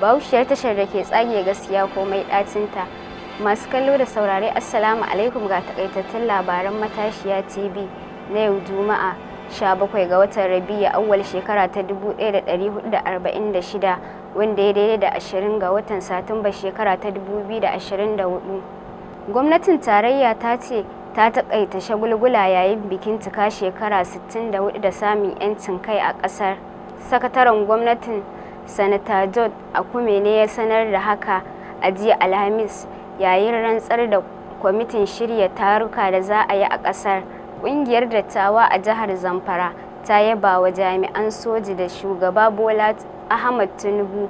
bahaushiyar tashar da ke tsage gaskiya ko komai ɗacinta. Masu kallo da saurare Assalamu alaikum ga takaitattun labaran matashiya TV na yau Juma'a 17 ga watan Rabiya awwal shekara ta 1446 wanda ya daidai da 20 ga watan Satumba shekara ta 2024. Gwamnatin tarayya ta ce ta taƙaita shagulgula yayin bikin cika shekara 64 da samun 'yancin kai a ƙasar. Sakataren gwamnatin sanata john akume ne ya sanar da haka a jiya alhamis yayin rantsar da kwamitin shirya taruka da za a yi a kasar kungiyar dattawa a jihar zamfara ta yaba wa jami'an soji da shugaba bola ahmad tinubu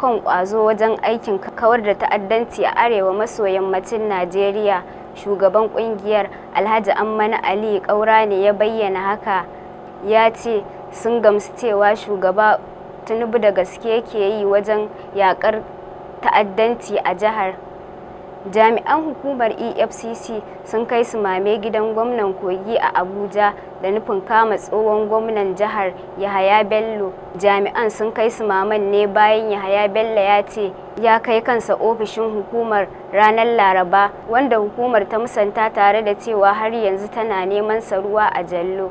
kan kwazo wajen aikin kawar da ta'addanci a arewa maso yammacin najeriya shugaban kungiyar alhaji ammana ali kaura ne ya bayyana haka ya ce sun gamsu cewa shugaba tinubu da gaske ke yi wajen yakar ta'addanci a jihar jami'an hukumar efcc sun kai su mame gidan gwamnan kogi a abuja da nufin kama tsohon gwamnan jihar yahaya bello jami'an sun kai su maman ne bayan yahaya bello ya ce ya kai kansa ofishin hukumar ranar laraba wanda hukumar ta musanta tare da cewa har yanzu tana neman sa ruwa a jallo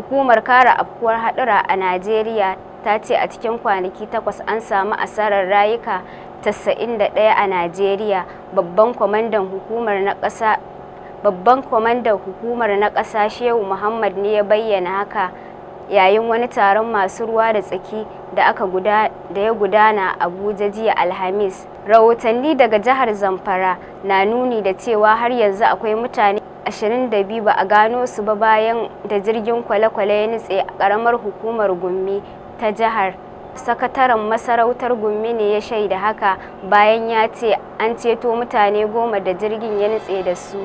hukumar kara afkuwar hadura a najeriya ta ce a cikin kwanaki takwas an samu asarar rayuka 91 a Najeriya babban kwamandan hukumar na ƙasa Shehu Muhammad ne ya bayyana haka yayin wani taron masu ruwa da tsaki da aka da ya gudana Abuja jiya Alhamis rahotanni daga jihar Zamfara na nuni da cewa har yanzu akwai mutane 22 ba a gano su ba bayan da jirgin kwale-kwale ya nutse a ƙaramar hukumar gumi. ta jihar sakataren masarautar gumi ne ya shaida haka bayan ya ce an ceto mutane goma da jirgin ya nutse da su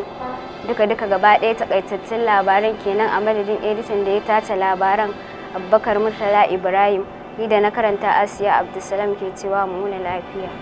duka-duka gaba ɗaya takaitattun labaran kenan a madadin editan da ya tace labaran abubakar murtala ibrahim ni da na karanta asiya abdulsalam ke cewa mu lafiya